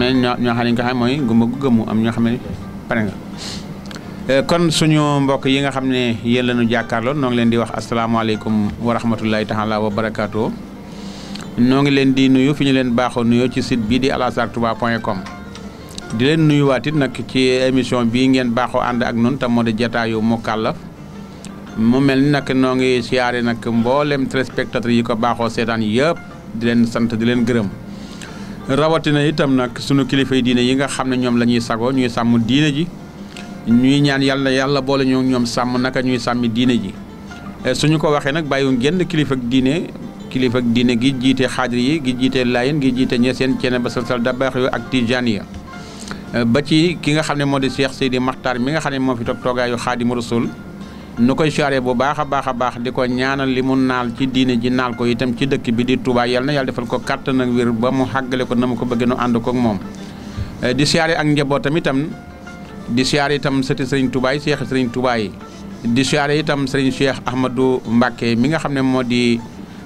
xam ñoo xam ne xam mooy gëmm gu gëmmu am ñoo xam ne pare nga euh, kon suñu mbokk yi nga xam ne yéen la ñu jàkkaarloo noo ngi leen di wax asalaamaaleykum wa rahmatullahi taala wa barakaatu noo ngi leen di nuyu fi ñu leen baaxoo nuyoo ci site bii di alazhartouba point com di leen nuyuwaat it nag ci émission bii ngeen baaxoo ànd ak noonu te moo di jataayu mukallaf mu mel ni nag noo ngi siyaare nag mboolem téléspectateurs yi ko baaxoo seetaan yëpp di leen sant di leen gërëm. rawatina itam nag sunu kilifay diine yi nga xam ne ñoom la ñuy sagoo ñuy sàmm diine ji ñuy ñaan yàlla yàlla boole ñoo ñoom sàmm naka ñuy sàmmi diine ji eh, suñu ko waxee nag bàyyiwuñ genn kilifa ak diine kilifa ak diine gi jiite xaadir yi gi jiite layen gi jiite ñeseen ceene ba salsal dabaax yu ak ya eh, ba ci ki nga xam ne moo di Cheikh Seydi Makhtar mi nga xam ne moo fi toog toogaayu xaadimu rasul nu koy siyaare bu baax a baax a baax di ko ñaanal li mu naal ci diine ji naal ko itam ci dëkk bi di Touba yal na yal defal ko kàttan ak wér ba mu xàggale ko na mu ko bëgg nu ànd koog moom. Eh, di siyaare ak njabootam itam di siyaare itam sëti sëriñ Touba yi seex sëriñ di siyaare itam sëriñ Cheikh Ahmadou Mbacke mi nga xam ne moo di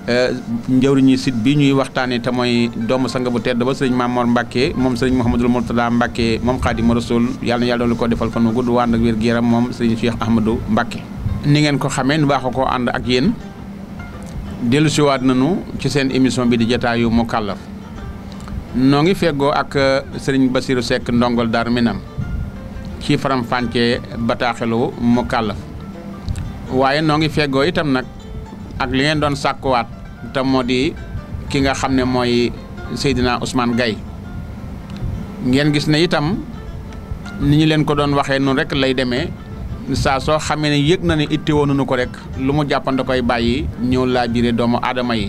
eh, njëwriñu site bi ñuy waxtaanee te mooy doomu sang bu tedd ba sëriñ Mamor Mbacke moom sëriñ Mouhamadul Mourtada Mbacke moom Xaadimu Rasul yàlla na yàlla doolu ko defal fan mu gudd ànd ak wér gu yaram moom sëriñ Cheikh Ahmadou Mbacke ni ngeen ko xamee nu baaxu koo ànd ak yéen dellusiwaat na nañu ci seen émission bi di jataayu Mukallaf noo ngi feggoo ak euh, sëriñ Basiru Seck ndongol Daaru Minam ci faram-fàccee bataaxelu Mukallaf waaye noo ngi feegoo itam nag ak li ngeen doon sàkkuwaat te moo di ki nga xam ne mooy Seydina Ousmane gay ngeen gis ne itam ni ñu leen ko doon waxee nu rek lay demee. saa soo xamee ne yëg na ne it woonu nu ko rek lu mu jàppante koy bàyyi ñëw laa biire doomu aadama yi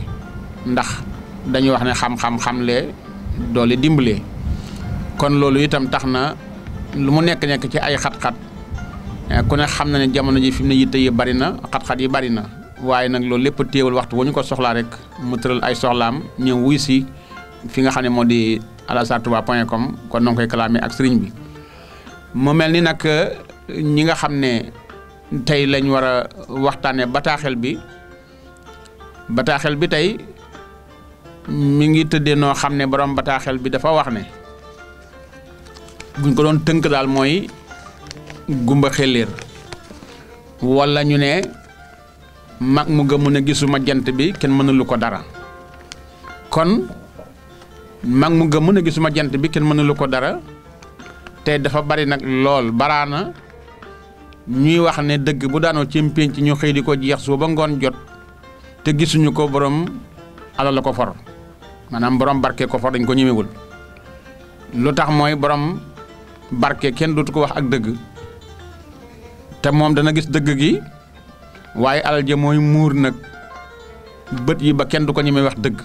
ndax dañuy wax ne xam-xam xamle doole dimbale kon loolu itam tax na lu mu nekk-nekk ci ay xat-xat eh, ku ne xam na ne jamono ji fi mu ne yitte yi bari na xat-xat yi bari na waaye nag loolu lépp téewal waxtu wu ñu ko soxlaa rek mu tëral ay soxlaam ñëw wuy si fi nga xam ne moo di alazhartouba point com kon noo koy kalaamee ak sëriñ bi mu mel ni nag ñi nga xam ne tey lañu war a waxtaanee bataaxel bi bataaxel bi tey mu ngi tëddee noo xam ne boroom bataaxel bi dafa wax ne guñ ko doon tënk daal mooy gumba xelléer walla ñu ne mag mu gëmu ne gisuma jant bi kenn mënalu ko dara kon mag mu gëmu ne gisuma jant bi kenn mënalu ko dara te dafa bari nag lool baraana ñuy wax ne dëgg bu daanoo ci pénc ñu xëy di ko jeex soo ba ngoon jot te gisuñu ko boroom alal la ko for maanaam borom barke ko for dañ ko ñemewul lu tax mooy boroom barke kenn dootu ko wax ak dëgg te moom dana gis dëgg gi waaye alal ja mooy muur nag bët yi ba kenn du ko ñemee wax dëgg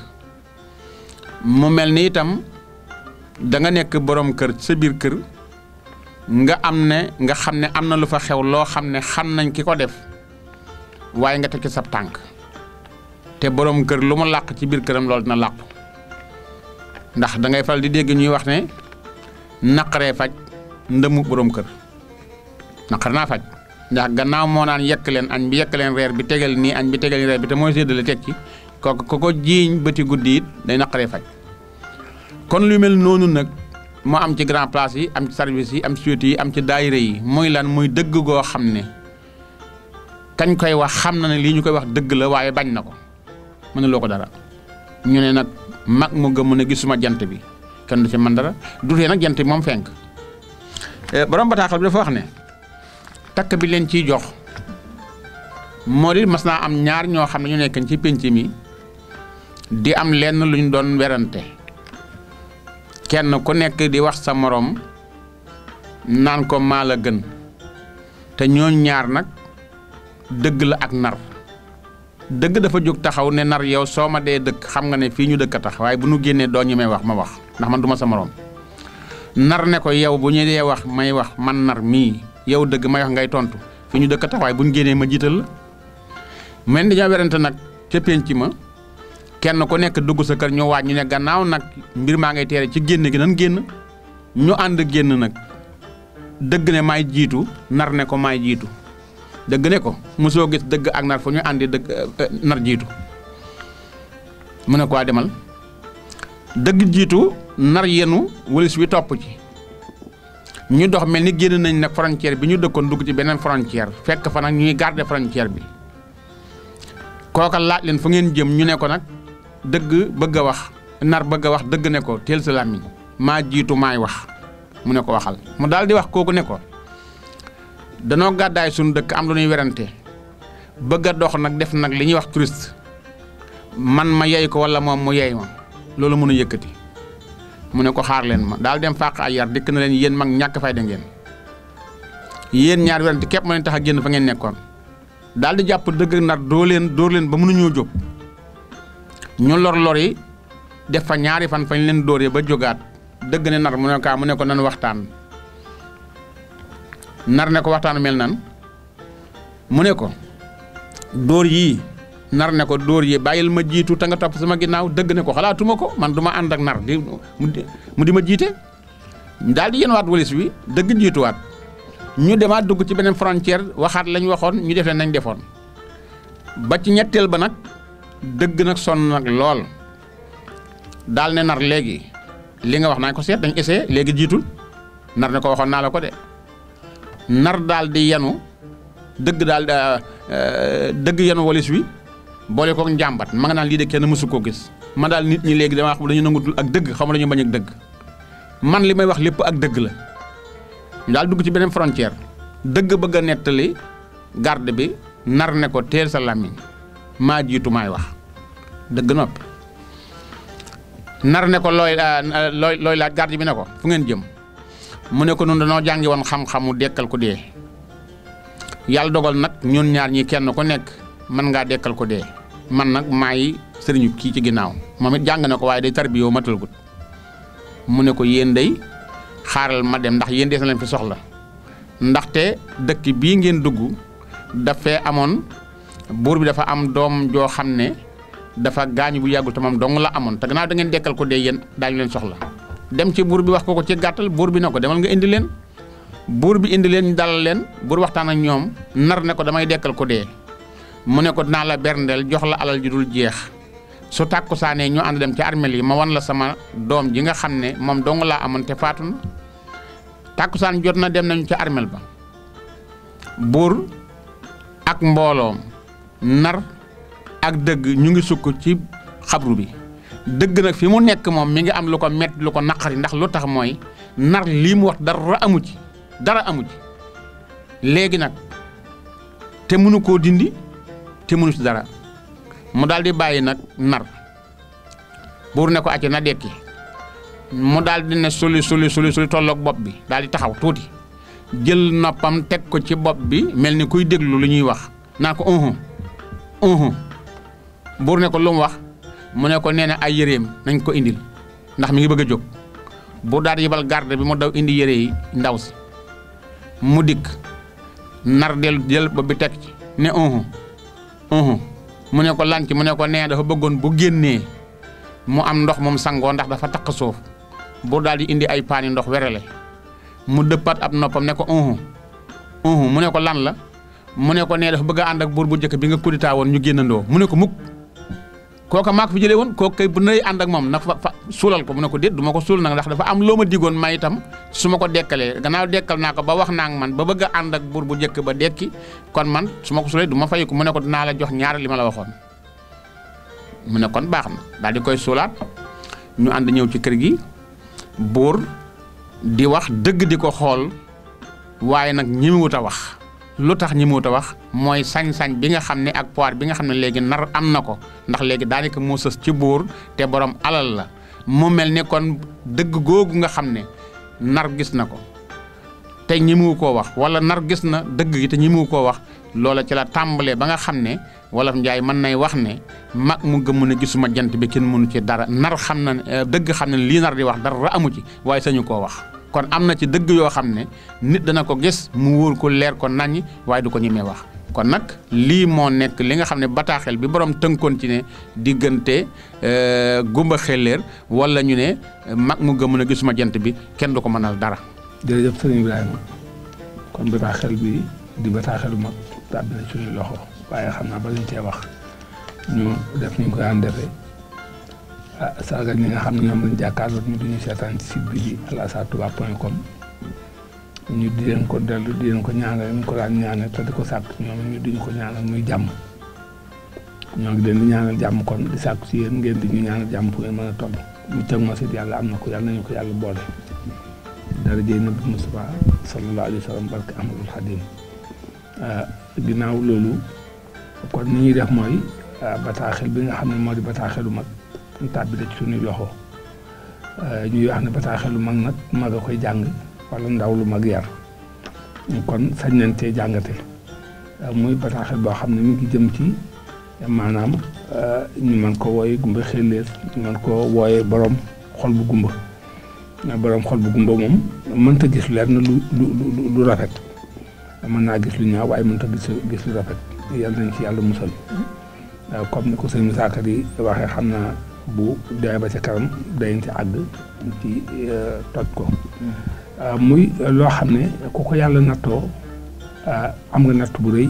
mu mel ni itam danga nekk boroom kër sa biir kër. nga am ne nga xam ne am na lu fa xew loo xam ne xam nañ ki ko def waaye nga teg ci sab tànk te borom kër lu mu làq ci biir këram loolu na làqu ndax dangay ngay di dégg ñuy wax ne naqaree faj ndëmu borom kër naqar naa faj ndax gannaaw moo naan yekk leen añ bi yekk leen reer bi tegal nii añ bi tegal reer bi te mooy séddale teg ci ko ko jiiñ bëti guddi day naqaree faj kon lu noonu nag. moo am ci grand place yi am ci service yi am ci suite yi am ci daayira yi muy lan muy dëgg goo xam ne kañ koy wax xam na ne lii ñu koy wax dëgg la waaye bañ na ko loo ko dara ñu ne nag mag mu gëm mu ne gisuma jant bi kenn du ci mën dara du dutee nag jant bi moom fenk eh, borom bataaxal bi dafa wax ne takk bi leen ciy jox moo di mas naa am ñaar ñoo xam ne ñu nekk ci penc mi di am lenn lu ñu doon werante kenn ku nekk di wax sa moroom naan ko maa la gën te ñooñ ñaar nag dëgg la ak nar dëgg dafa jóg taxaw ne nar yow soo ma dee dëkk xam nga ne fii ñu dëkk tax waaye bu nu génnee doo ñu may wax ma wax ndax man duma sa moroom nar ne ko yow bu ñu dee wax may wax man nar mii yow dëgg may wax ngay tontu fii ñu dëkk tax waaye bu ñu génnee ma jiital la mel ni dañoo werante nag ca pénc ma kenn ku nekk dugg sa kër ñu waaj ñu ne gannaaw nag mbir maa ngi teere ci génn gi nan génn ñu ànd génn nag dëgg ne maay jiitu nar ne ko maay jiitu dëgg ne ko mosoo gis dëgg ak nar fu ñu àndi dëgg eh, eh, nar jiitu mu ne ko demal dëgg jiitu nar yenu wëlis wi topp ci ñu dox mel ni génn nañ nag frontière bi ñu dëkkoon dugg ci beneen frontière fekk fa nag ñuy garder frontière bi kooka laaj fu ngeen jëm ñu ne ko nag dëgg bëgg wax nar bëgga wax dëgg ne ko teel sa làmmiñ maa jiitu maay wax mu ne ko waxal mu daal di wax kooku ne ko danoo gàddaay suñu dëkk am lu werante bëgg a dox nag def nag li ñuy wax touriste man ma yey ko wala moom mu yey ma loolu mën a yëkkati mu ne ko xaar leen ma daal dem fàq ay yar dikk na leen yéen mag ñàkk fay fayda ngeen yéen ñaar werante képp ma leen tax a génn fa ngeen nekkoon daal di jàpp dëgg nar doo leen dóor leen ba mënuñoo jóg ñu lor lor def fa ñaari fan fañ leen dóoree ba jógaat dëgg ne nar mu ne kaa mu ne ko nan waxtaan nar ne ko waxtaan mel nan mu ne ko dóor yii nar ne ko dóor yi bàyyil ma jiitu te nga topp sama ginnaaw dëgg ne ko xalaatuma ko man duma ànd ak nar di mu di ma jiite daal di yenwaat walis wi dëgg jiituwaat ñu demaat dugg ci beneen frontière waxaat lañ waxoon ñu def leen nañ defoon ba ci ñetteel ba nag dëgg nag sonn nag lool daal ne nar léegi li nga wax naa ko seet dañ ese léegi jiitul nar ne ko waxoon naa la ko de nar daal di yenu dëgg daal euh, euh, dëgg yenu wolis wi boole koog njàmbat ma nga naan lii de kenn mësu koo gis ma daal nit ñi léegi damaa xam dañu nangutul ak dëgg xam dañu bañ ak dëgg man li may wax lépp ak dëgg la daal dugg ci beneen frontière dëgg bëgg a nettali garde bi nar ne ko teel sa làmmiñ maa jiitu maay wax dëgg noppi nar ne ko looy euh, looy looy laaj garde bi ne ko fu ngeen jëm mu ne ko nun danoo jàngi woon xam-xamu dekkal ko dee yàlla dogal nag ñun ñaar ñi kenn ko nekk mën ngaa dekkal ko dee man nag maay sëriñu kii ci ginnaaw moom it jàng na ko waaye day tarbiyoo matal gut mu ne ko yéen dey xaaral ma dem ndax yéen des na leen fi soxla ndaxte dëkk bii ngeen dugg dafee amoon buur bi dafa am doom joo xam ne dafa gaañu bu yàggul te moom dong la amoon te gannaaw da ngeen dekkal ko dee yéen daañu leen soxla dem ci buur bi wax ko ko ci gàttal buur bi na ko demal nga indi leen buur bi indi leen ñu dalal leen buur waxtaan ak ñoom nar ne ko damay dekkal ko dee mu ne ko dinaa la berndeel jox la alal ju dul jeex su tàkkusaanee ñu ànd dem ci armeel yi ma wan la sama doom ji nga xam ne moom dong laa amoon te faatu na tàkkusaan jot na dem nañu ci armeel ba buur ak mbooloom nar ak dëgg ñu ngi sukk ci xabru bi dëgg nag fi mu nekk moom mi ngi am lu ko mett lu ko naqari ndax lu tax mooy nar lii mu wax dara amu ci dara amu léegi nag te mënu koo dindi te mënu ci dara mu daldi bàyyi nag nar buur ne ko acce na dekki mu daal ne suli suli suli suli tolloog bopp bi daal di taxaw tuuti jël noppam teg ko ci bopp bi mel ni kuy déglu lu ñuy wax naa ko uhum buur ne ko lu mu wax mu ne ko nee na ay yëreem nañ ko indil ndax mi ngi bëgg a jóg buur daal di garde bi mu daw indi yére yi ndaw si mu dikk nar del jël ba bi teg ci ne uhum uhum mu ne ko lan ci mu ne ko nee dafa bëggoon bu génnee mu am ndox moom sangoo ndax dafa takk soof buur daal di indi ay paani ndox werale mu dëppaat ab noppam ne ko uhum uhum mu ne ko lan la mu ne ko nee dafa bëgg ànd ak buur bu jëkk bi nga kudita woon ñu génnandoo mu ne ko mukk kooka maa ko fi jëlee woon kooku kay bu nay ànd ak moom na fa fa suulal ko mu ne ko déet du ma ko suul na ndax dafa am loo ma digoon may itam su ma ko dekkalee gannaaw dekkal naa ko ba wax naa man ba bëgg a ànd ak buur bu njëkk ba dekki kon man su ma ko suulee du ma fay ko mu ne ko dinaa la jox ñaar li ma la waxoon mu ne kon baax na daal di koy suulaat ñu ànd ñëw ci kër gi buur di wax dëgg di ko xool waaye nag ñi a wax. lu tax ñi muut a wax mooy sañ-sañ bi nga xam ne ak pouvoir bi nga xam ne léegi nar am na ko ndax léegi daanaka moo sës ci buur te borom alal la mu mel ni kon dëgg googu nga xam ne nar gis na ko te ñi mu koo wax wala nar gis na dëgg gi te ñi mu koo wax loola ci la tàmbalee ba nga xam ne wolof njaay mën nay wax ne mag mu gëm ne gisuma jant bi kenn mënu ci dara nar xam na dëgg xam ne lii nar di wax dara amu ci waaye sañu koo wax. kon am na ci dëgg yoo xam ne nit dana ko gis mu wóor ko leer ko naññi waaye du ko ñemee wax kon nag lii moo nekk li nga xam ne bataaxel bi borom tënkoon ci ne diggante euh, gumba xelleer wala ñu ne euh, mag mu gëmën a gisuma jant bi kenn du ko mën mënal dara. jërëjëf sëriñ Ibrahima kon bataaxel bi di bataaxelu mag tàbbi na ci loxo waaye xam naa ba lañ cee wax ñu def ni koy ko ah saaga ñi nga xam ne ñoom lañ jàkkaarloo ñu duñu seetaan ci site bi di alazhartouba.com ñu di leen ko dellu di leen ko ñaanal ñu ko daan ñaanal te di ko sàkk ñoom ñu duñu ko ñaanal muy jàmm ñoo ngi leen di ñaanal jàmm kon di sàkk ci yéen ngeen di ñu ñaanal jàmm fu ngeen mën a toll mu teg ma sit yàlla am na ko yàlla nañu ko yàlla boole dara jëy nabi Mustafa sallallahu alayhi wa sallam barke Ahmadul Xadim ah, ginnaaw loolu kon ni ñuy def mooy ah, bataaxel bi nga xam ne moo di bataaxelu mag mu tàbbi la ci suñuy loxo euh, ñuy wax ne bataaxelu mag nag mag a koy jàng wala ndaw lu mag yar kon sañ nañ cee jàngate euh, muy bataaxel boo xam ne mi ngi jëm ci maanaam euh, ñu mën ko wooye gumba xellees ñu mën ko wooye boroom xol bu gumba borom xol bu gumba moom mënta gis leer na lu lu lu rafet mën naa gis lu ñaaw waaye mënta gis gis lu rafet yàlla nañ ci àll musal comme ni ko sëñ Moussa Ka di waxee xam naa bu demee ba ca kanam dañ ci àgg ci euh, toj ko euh, muy loo xam ne ku ko yàlla nattoo euh, am nga natt bu rëy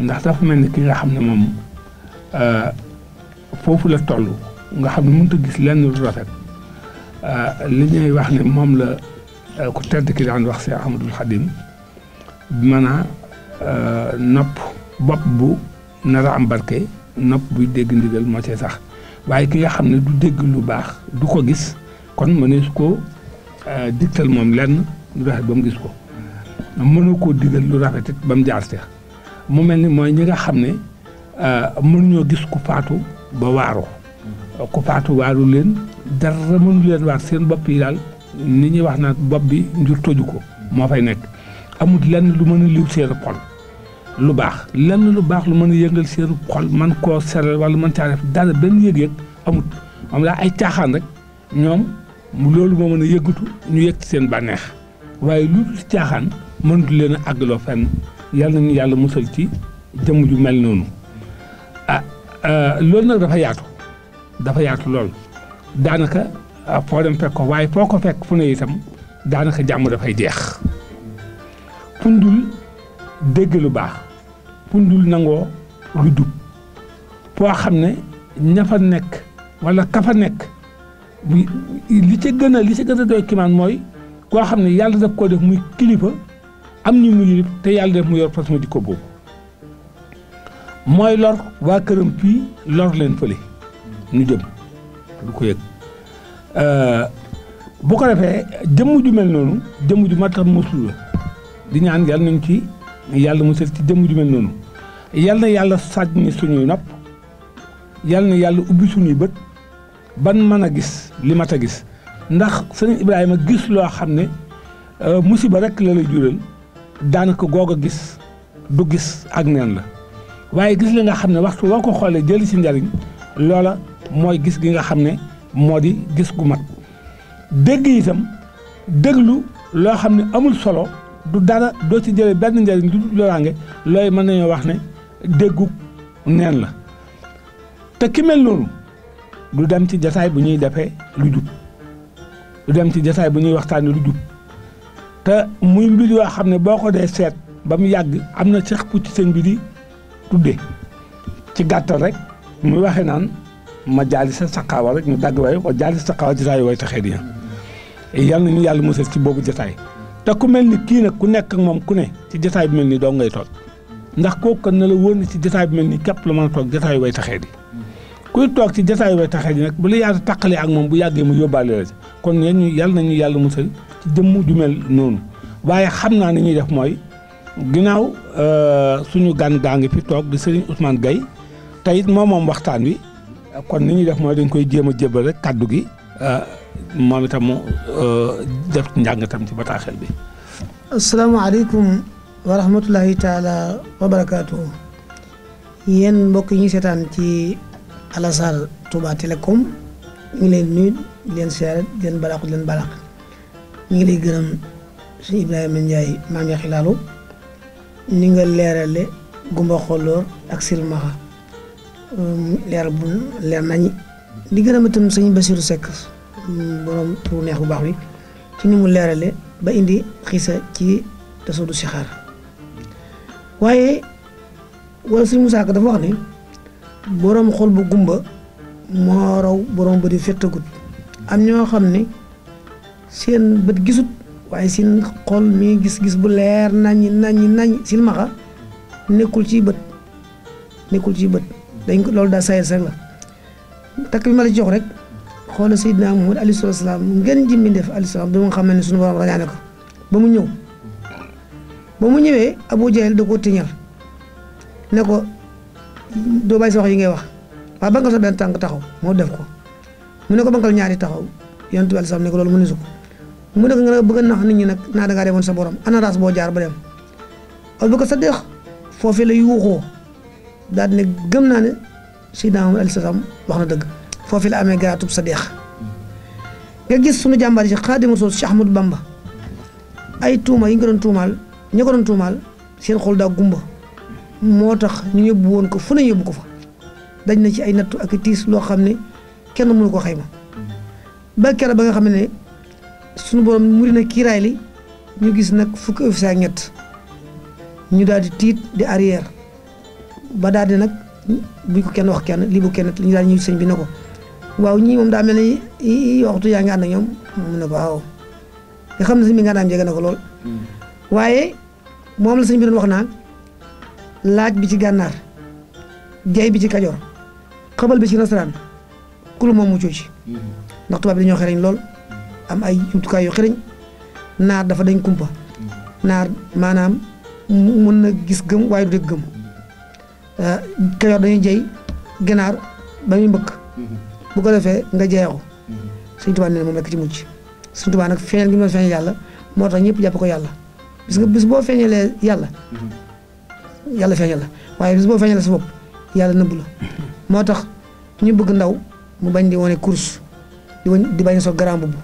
ndax dafa mel ni ki nga xam ne moom foofu la toll nga xam ne mënut a gis lenn lu rafet li ñuy wax ne moom la ku tedd ki daan wax si Ahmadul Xadim mën a nopp bopp bu nar a am barke nopp buy dégg ndigal moo cee sax waaye ki nga xam ne du dégg lu baax du ko gis kon mënees ko euh, digtal moom lenn ba mu gis ko mënoo koo digal lu rafet it ba mu jaar mel ni mooy ñi nga xam ne euh, mënuñoo gis ku faatu ba waaru ku leen dara mënu leen waar seen bopp yi daal ni ñuy wax na bopp bi njur toju ko moo fay nekk amul lenn lu mën a liw seen xol lu baax lenn lu baax lu mën a yëngal seen xol man koo seral wala mën caa def dara benn yëg-yëg amut am laa ay caaxaan rek ñoom loolu moo mën a yëggatu ñu yëg seen bànneex waaye lu dul caaxaan mënut leen a àggaloo fenn yal nañu yàlla musal ci jëmm ju mel noonu ah, ah loolu nag dafa yaatu dafa yaatu lool daanaka ah, foo dem fekk ko waaye foo ko fekk fu ne itam daanaka jàmm dafay jeex dégg lu baax pundul nangoo lu dub boo xam ne ña fa nekk wala ka fa nekk li ci gën a li ca gën a doy kimaan mooy koo xam ne yàlla daf koo def muy kilifa am ñu mu yilif te yàlla def mu yor façon jikko boobu mooy lor waa këram fii lor leen fële ñu jëm du ko yëg bu ko defee jëmm ju mel noonu jëmm ju ma tax muslu di ñaan yàlla nañ ci yàlla musal ci jëmm ju noonu yal na yàlla sàjni suñuy nopp yal na yàlla ubbi suñuy bët ban mën a gis li mat a gis ndax sëñ Ibrahima gis loo xam ne euh, musiba rek la lay jural daanaka goog a gis du gis ak neen la waaye gis li nga xam ne waxtu woo ko xoolee jëli ci njariñ loola mooy gis gi nga xam ne moo di gis gu mat dégg itam déglu loo xam ne amul solo du dara doo ci jële benn njëriñ du loraange looy mën nañoo wax ne déggu neen la te ki mel noonu du dem ci jataay bu ñuy defee lu jub lu dem ci jataay bu ñuy waxtaane lu jub te muy mbir yoo xam ne boo ko dee seet ba mu yàgg am na sax ku ci seen bi di tuddee ci gàttal rek muy waxee naan ma jaali sa saqaawa rek ñu dagg waaye ko jaali sa saqaawa jataay way taxee di yal nañu yàlla musal ci boobu jataay te ku mel ni kii nag ku nekk ak moom ku ne ci jotaay bi mel nii doo ngay toog ndax kooku kan na la wóor ne ci jotaay bi mel nii képp lu ma a toog jotaay way taxee di kuy toog ci jotaay way taxee di nag bu la yàlla taqalee ak moom bu yàggee mu yóbbaale la ci kon yéen ñu yàlla nañu yàlla musal ci jëmm ju mel noonu waaye xam naa ni ñuy def mooy ginnaaw euh, suñu gan gaa ngi fi toog di Serigne usmaan gay tey moo moom waxtaan wi kon ni ñuy def mooy dañ koy jéem a jébbal kàddu gi. Euh, moom itam mu euh, def njàngatam ci bataaxel bi. asalaamaaleykum wa rahmatulahi taala wa barakaatu. mbokk yi ñu seetaan ci Alasar Touba Télécom ñu ngi leen nuyu di leen seere di leen balaax di leen balaax ñu ngi lay si Ibrahima Ndiaye maam xilaalu ni nga leerale gumba xolloor ak silmaxa leer bu leer nañi di gërëm itam Basiru Seck borom bu neex bu baax bi ci ni mu leerale ba indi xisa ci du sixaar waaye walla suñu musaaka dafa wax ne boroom xol bu gumba moo raw borom bët yi fettagut am ñoo xam ni seen bët gisut waaye seen xol mi gis-gis bu leer naññi naññi silmaxa nekkul ci bët nekkul ci bët dañ ko loolu daa sayes rek la takk bi ma la jox rek xoola Seydina Muhammad alayhi salaam ngeen ji mbindeef alayhi salaam bi nga xam ne suñu borom rañaane ko ba mu ñëw ba mu ñëwee Abu Jahal da koo tiñal ne ko doo bàyyi sa wax yi ngay wax waaye banqal sa benn tànk taxaw moo def ko mu ne ko banqal ñaari taxaw yonent bi alayhi salaam ne ko loolu mu nisu ko mu ne ko nga bëgg a nax nit ñi nag naa dangaa demoon sa borom ana raas boo jaar ba dem Abubakar Sadiq foofee la yuuxoo daal ne gëm naa ne Seydina Muhammad alayhi salaam wax na dëgg foofu la amee garaatub sa dex nga gis sunu jàmbaar ci xaadimu rasul Cheikh Ahmadou Bamba ay tuuma yi nga doon tuumaal ñi tuumaal seen xool daa gumba moo tax ñu yóbbu woon ko fu ne yóbbu ko fa dañ ne ci ay nattu ak tiis loo xam ne kenn mënu ko xayma ba keroog ba nga xam ne sunu borom muri na kiiraay li ñu gis nag fukki officier ak ñett ñu daal di tiit di arrière ba daal nag buñ ko kenn wax kenn lii bu kenn ñu daal ñuy sëñ bi ne ko waaw ñii moom daa mel ni waxtu yaa ngi ànd ñoom mu ne ko waaw nga xam ne sëñ bi nga daam jege na ko lool. Mm. waaye moom la sëñ bi doon wax naan laaj bi ci gànnaar jay bi ci kajoor xabal bi ci nasaraan kulu moom muccoo ci. Mm. ndax tubaab bi dañoo xereñ lool am ay jumtukaay yoo xereñ naar dafa dañ kumpa. Mm. naar maanaam mën na gis gëm waaye du dégg gëm. Eh, kajoor dañuy jay gànnaar ba muy mbëkk. Mm-hmm. bu ko defee nga jeexu Sëñ Tuubaa na moom rekk ci mucc Sëñ nag feeñal gi ma feeñal yàlla moo tax ñëpp jàpp ko yàlla parce que bis boo feeñalee yàlla yàlla feeñal la waaye bis boo feeñalee sa bopp yàlla nëbb la moo tax ñu bëgg ndaw mu bañ di wane kurus di bañ di bañ sol grand boubou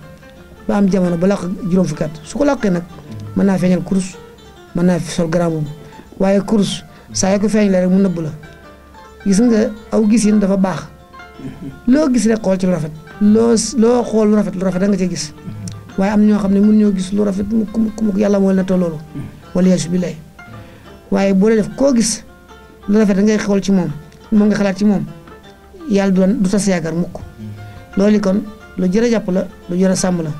ba am jamono ba làq juróom fukki su ko làqee nag mën naa feeñal kurus mën naa sol grand boubou waaye kurus saa yoo ko feeñalee rek mu nëbb la gis nga aw gis dafa baax loo gis rek xool ci lu rafet loo loo xool lu rafet lu rafet da nga cee gis mm-hmm. waaye am ñoo xam ne mun ñoo gis lu rafet mukk mukk yàlla moo leen nattoo loolu mm-hmm. wala yeesu bi lay waaye boo def koo gis lu rafet da ngay xool ci moom moom ngi xalaat ci moom yàlla du du sa yaakaar mukk mm-hmm. loolu kon lu jër a jàpp la lu jër a sàmm la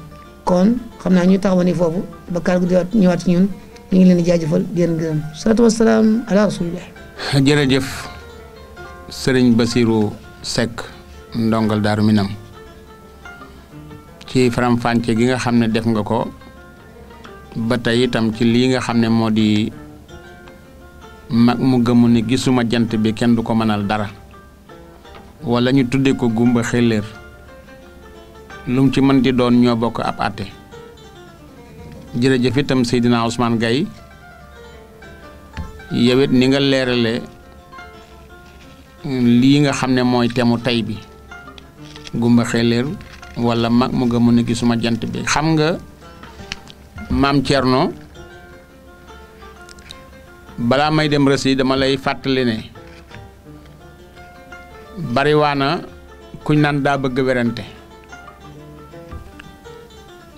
kon xam naa ñu taxaw ni foofu ba kaar gu diwaat ñëwaat ci ñun ñu ngi leen di jaajëfal di leen gërëm salaatu wasalaam ala rasulillah jërëjëf sëriñ Seck ndongal daaru Minam ci faram gi nga xam ne def nga ko ba tey itam ci lii nga xam ne moo di mag mu gëmu ni gisuma jant bi kenn du ko mënal dara wala ñu tuddee ko gumba xelléer lu ci mën di doon ñoo bokk ab àtte jërëjëf itam Seydina Ousmane Gaye yow it ni nga leerale lii nga xam ne mooy temu tey bi gumba xeleer walla mag mu nga mën a gisuma jant bi xam nga maam Thierno balaa may dem rës dama lay fàttali ne bariwaana kuñ naan daa bëgg werante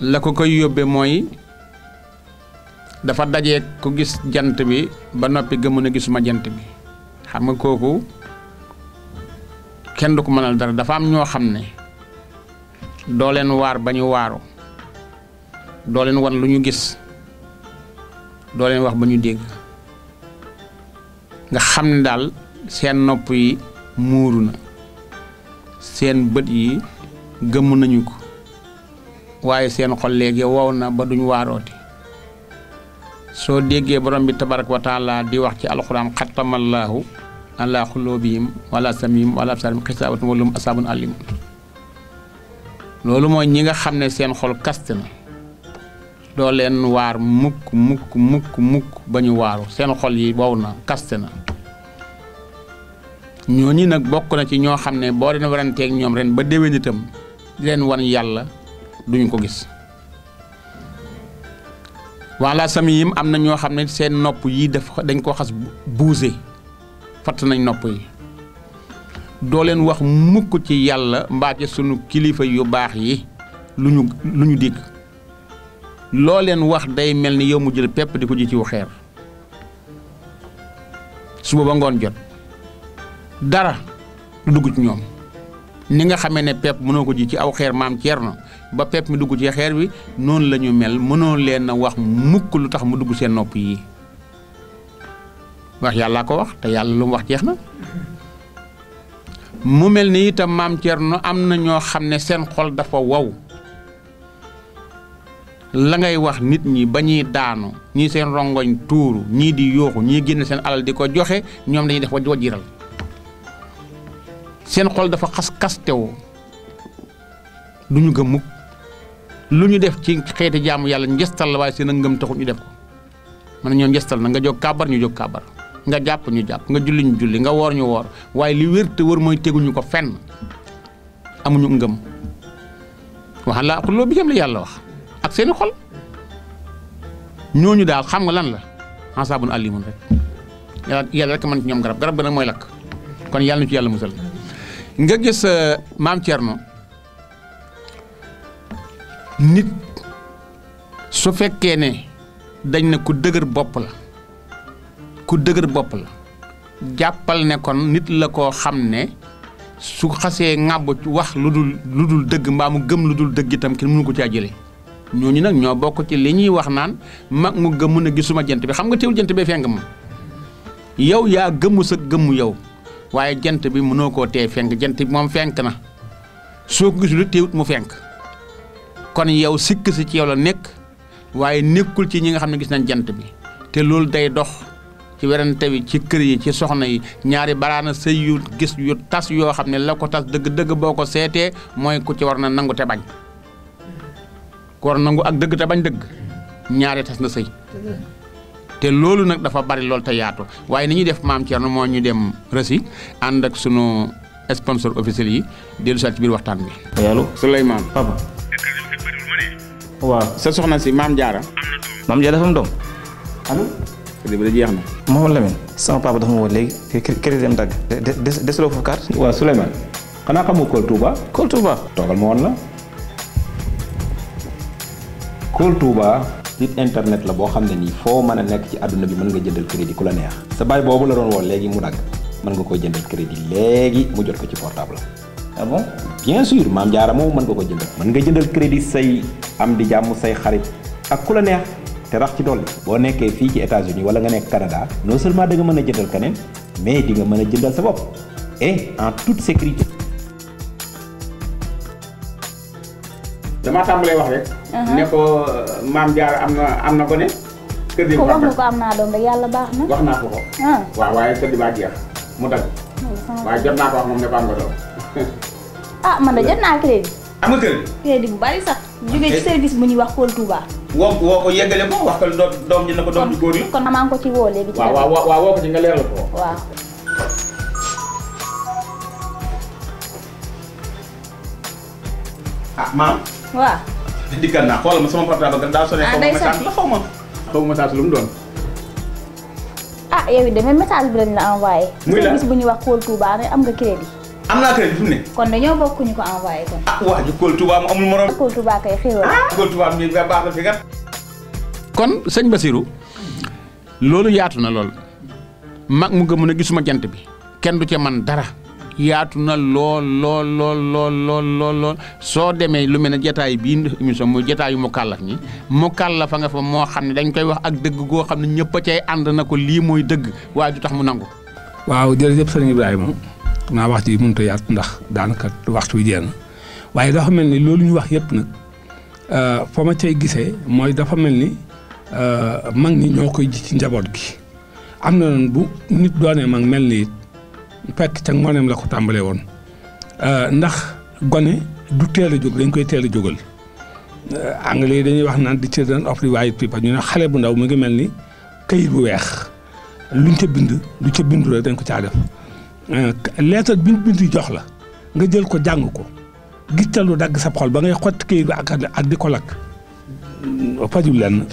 la ko koy yóbbee mooy dafa daje ku gis jant bi ba noppi gëmën a gisuma jant bi xam nga kooku kenn du ko mënal dara dafa am ñoo xam ne doo leen waar ba ñu waaru doo leen wan lu ñu gis doo leen wax ba ñu dégg nga xam ne daal seen nopp yi muuru na seen bët yi gëmm nañu ko waaye seen xol léegi wow na ba duñ waarooti soo déggee borom bi tabarak wa di wax ci alxuraan xatamallaahu ala xulóobihim wala samihim wala absaarihim xisaabatun walahum loolu mooy ñi nga xam ne seen xol kaste na doo leen waar mukk mukk mukk mukk ba ñu waaru seen xol yi wow na kaste na ñooñu nag bokk na ci ñoo xam ne boo leen waranteeg ñoom ren ba déwén di leen wan yàlla duñu ko gis wala samihim am na ñoo xam ne seen nopp yi def dañ ko xas buuse fatt nañ nopp yi doo leen wax mukk ci yàlla mbaa ci sunu kilifa yu baax yi lu ñu lu ñu dégg loo leen wax day mel ni yow mu jël pepp di ko ji ci wu xeer suba ba ngoon jot dara du dugg ci ñoom ni nga xamee ne pepp mënoo ko ji ci aw xeer maam na ba pepp mi dugg ci xeer bi noonu lañu mel mënoo leen wax mukk lu tax mu dugg seen nopp yi. wax yàllaa ko wax te yàlla lu mu wax jeex na mu mel ni itam maam Thierno am na ñoo xam ne seen xol dafa wow la ngay wax nit ñi ba ñuy daanu ñii seen rongoñ tuuru ñii di yooxu ñii génn seen alal di ko joxe ñoom dañuy def waj wajiral seen xol dafa xas-xastewoo du ñu lu ñu def ci xeeti jaamu yàlla njëstal la waaye seen a ngëm taxul ñu def ko man ñoo njëstal na nga jóg kàbbar ñu jóg kàbbar nga jàpp ñu jàpp nga julli ñu julli nga woor ñu woor waaye li wér te wër mooy teguñu ko fenn amuñu ngëm waxaan laa aqul loo bi la yàlla wax ak seeni xol ñooñu daal xam nga lan la ensaabun alimun rek yàlla yàlla rek mën ci ñoom garab garab ga mooy lakk yàlla ci yàlla musal nga gis euh, maam Thierno nit su fekkee ne dañ ne ku dëgër bopp la ku dëgër bopp la jàppal ne kon nit la koo xam ne su xasee ŋàbb wax lu dul lu dul dëgg mbaa mu gëm lu dul dëgg itam kenn mënu ko caa jëlee ñooñu nag ñoo bokk ci li ñuy wax naan mag mu gëmm ne gisuma jant bi xam nga teewul jant bee fenk ma yow yaa gëmmu sa gëmmu yow waaye jant bi mënoo koo tee fenk jant bi moom fenk na soo ko gisul teewut mu fenk kon yow sikk si ci yow la nekk waaye nekkul ci ñi nga xam ne gis nañ jant bi te loolu day dox ci werante bi ci kër yi ci soxna yi ñaari baraana sëy yu gis yu tas yoo xam ne la ko tas dëgg-dëgg boo ko seetee mooy ku ci war na nangu te bañ ku war nangu ak dëgg te bañ dëgg ñaari tas na sëy te loolu nag dafa bari lool te yaatu waaye ni ñuy def maam Thierno moo ñu dem rësi ànd ak sunu sponsor officiel yi dellu si ci biir waxtaan bi. allo Souleymane papa. waaw sa soxna si maam jaara maam Diarra dafa doom crédit bi da jeex na. Mamadou Lamine sama papa dafa ma woo léegi crédit dem dagg. des desuloo foofu carte. waaw Souleymane xanaa xamoo Kool Touba. Kool Touba. toogal ma woon internet la boo xam ne nii foo mën a nekk ci àdduna bi mën nga jëndal crédit ku la neex. sa baay boobu la doon woo léegi mu dagg mën nga koo jëndal crédit léegi mu jot ko ci portable ah bon bien sûr maam jaara moom mën nga ko jëndal. mën nga jëndal crédit say am di jàmm say xarit ak ku la neex. te rax ci dolli boo nekkee fii ci États-Unis wala nga nekk Canada non seulement da mën a jëndal keneen mais di nga mën a jëndal sa bopp et en toute sécurité. damaa lay wax rek. Uh-huh. ne ko euh, maam Diarra am na am na gone. kër gi mu wax ko am yàlla baax wax naa ko ko. Uh. waaye kër gi baa mu dagg. waaye jot naa ko wax moom ne ko am nga doom. Ah, bu bari sax. jógee ci service bu ñuy wax Pôle Touba. woo woo ko yeggale ko wax ko doom ji na ko doom ji góor yi. kon maa ko ci woo léegi. ci ah maam. waaw. diggal naa xoolal sama portable kat daa sonné. ah day sonné ma message ma. xaw lu mu doon. ah yow it demee message bi lañ la envoyé. muy la gis bu ñuy wax Kool Touba am nga crédit. kon dañoo bokk ah, ah, ah, sëñ Basirou loolu yaatu na lool mag mu gëm ne gisuma jant bi kenn du ca man dara yaatu na lool lool lool lool lool soo demee lu mel ne jataay bii émission muy jataayu mu kàllaf ñi mu kàllafa nga fa moo xam ne dañ koy wax ak dëgg goo xam ne ñëpp a cay ànd na ko lii mooy dëgg waaye du tax mu nangu. waaw yëpp sëñ Ibrahima. naa wax ji mënut a yaatu ndax daanaka waxtu wi jeex na waaye dafa mel ni loolu ñu wax yëpp nag euh, foo ma cay gisee mooy dafa mel ni euh, mag ñi ñoo koy ji ci njaboot gi am na noonu bu nit doonee mag mel ni fekk ca ngoneem la ko tàmbalee woon euh, ndax gone du teel a jóg dañ koy teel a jógal anglais yi dañuy wax naan di children of the white people ñu ne xale bu ndaw mu ngi mel ni kayit bu weex luñ ca bind lu ca bindu rek dañ ko caa def Euh, leetal bind bind jox la nga jël ko jàng ko gis lu dagg sab xol ba ngay xott kii ak ak di ko lakk fajul lenn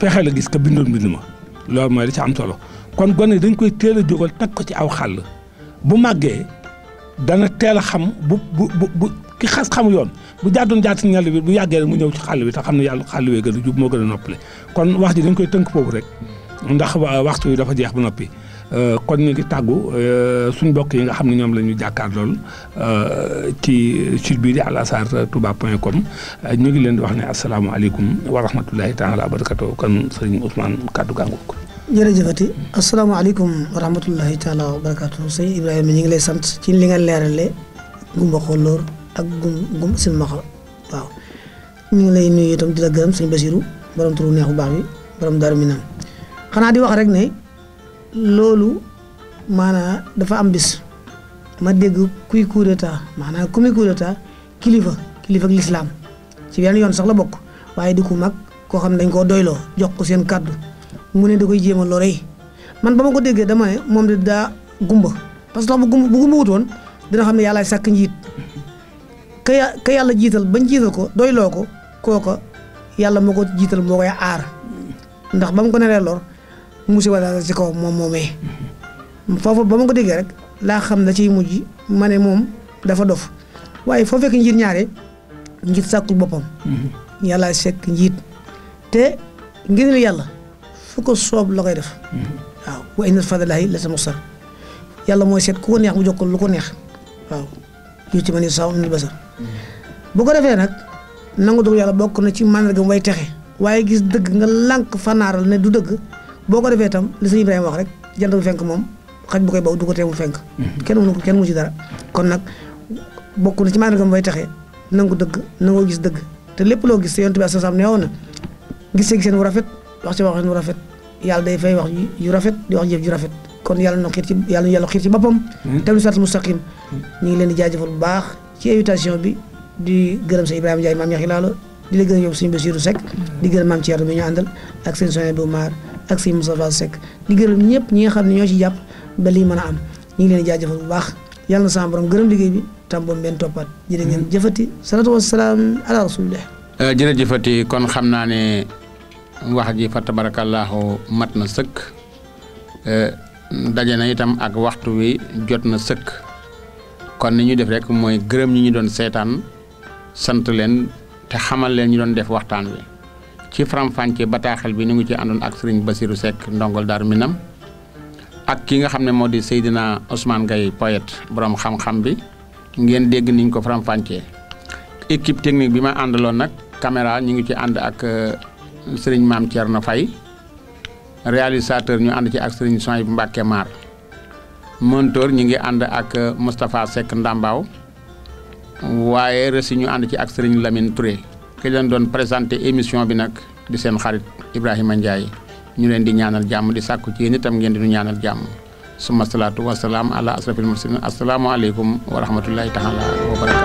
fexe la gis ka bindoon bind ma loolu mooy li ci am solo kon gone dañ koy teel a jógal teg ko ci aw xàll bu màggee dana teel a xam bu bu bu ki xas xamu yoon bu jaadoon jaati ñàll bi bu yàggee rek mu ñëw ci xàll bi te xam ne yàlla xàll wee gën a jub moo gën a noppale kon wax ji dañ koy tënk foofu rek ndax waxtu wi dafa jeex ba noppi Euh, kon ñu ngi tàggu euh, suñ mbokk yi nga xam ne ñoom la ñu jàkkaar lool euh, ci site bii di al azhar touba point com ñu ngi leen di wax ne asalaamaaleykum wa rahmatulahi taala wa barakatuh kon sëriñ asalaamaaleykum wa rahmatulahi ñu ngi lay sant ci li nga leerale gumba xolloor ak gum gum silmaxa waaw ñu ngi lay nuyu itam di la gërëm sëñ Basiru borom turu neex bu baax bi borom Daaru xanaa di wax rek ne loolu maanaa dafa am bis ma dégg kuy coup d'état maanaa ku muy coup kilifa kilifa ak lislaam ci benn yoon sax la bokk waaye di ku mag koo xam ne dañ koo doyloo jox ko seen kàddu mu ne da koy jéem a lore man ba ma ko déggee dama moom de daa gumba parce que bu gumba wutoon dina xam ne yàllaay sàkk njiit ka ka yàlla jiital bañ jiital ko doyloo ko kooka yàlla moo ko jiital moo koy aar ndax ba mu ko neree lor si musiba daal ci kaw moom moomee. foofu ba ma ko déggee rek laa xam da ciy mujj ma ne moom dafa dof waaye foo fekk njiit ñaare njiit sàkkul boppam. Mm-hmm. yàlla sekk njiit te ngir li yàlla fu ko soob koy def. Mm-hmm. waaw wa inna fadlahi la tamussar yàlla mooy seet ku ko neex mu jokkoo lu ko neex waaw yu ci ma ni saw ni ba sax ko defee nag nangu dugg yàlla bokk na ci màndargam way texe waaye gis dëgg nga lànk fanaaral ne du dëgg. boo ko defee itam li sëñ Ibrahima wax rek jant bu fenk moom xaj bu koy baw du ko tee mu fenk. Mhm. kenn mu ko kenn mu ci dara. kon nag bokk na ci maanaam mooy taxee nangu dëgg nangoo gis dëgg te lépp loo gis te yonent bi sa sam neewoon na gisee seen wu rafet wax ci waxin wu rafet yàlla day fay wax yu rafet di wax jëf ju rafet. kon yàlla na xiir ci yàlla yàlla xiir ci boppam. tamit sat mustaqim ñu ngi leen di jaajëfal bu baax ci invitation bi di gërëm Ibrahima Ndiaye maam Yaxi Laalo di la gërëm yow suñu Basiiru Sekk mhm. di gërëm maam Thierno bi ñu àndal ak seen soxna bu maar ak si Moustapha Seck di gërëm ñëpp ñi nga xam ne ñoo ci jàpp ba lii mën a am ñu ngi leen di jaajëfal bu baax yàlla na sama borom gërëm liggéey bi tàmboom benn toppaat jërë ngeen jëfati salaatu wasalaam ala rasulillah euh, jërëjëfati kon xam naa ne wax ji fa tabarakallahu mat na sëkk euh, daje na itam ak waxtu wi jot na sëkk kon ni ñu def rek mooy gërëm ñu ñu doon seetaan sant leen te xamal leen ñu doon def waxtaan wi ci faram-fàccee bataaxel bi nu ngi ci àndoon ak sëriñ basiru Seck ndongol Daaru Minam ak kii nga xam ne moo di Seydina Ousmane Gaye poète borom xam-xam bi ngeen dégg niñ ko faram équipe technique bi ma àndaloon nag caméra ñu ngi ci ànd ak euh, sëriñ Maam na fay réalisateur ñu ànd ci ak sëriñ Soy Mbacke Mar monteur ñu ngi ànd ak euh, Moustapha Seck Ndambaaw waaye resi ñu ànd ci ak sëriñ Lamine Touré. ki leen doon présenté émission bi nag di seen xarit Ibrahima Ndiaye ñu leen di ñaanal jàmm di sàkku ci yéen itam ngeen di ñaanal jàmm su suma salaatu wasalaam ala asrafil mursalin asalaamaaleykum wa rahmatullahi taala wa barakatu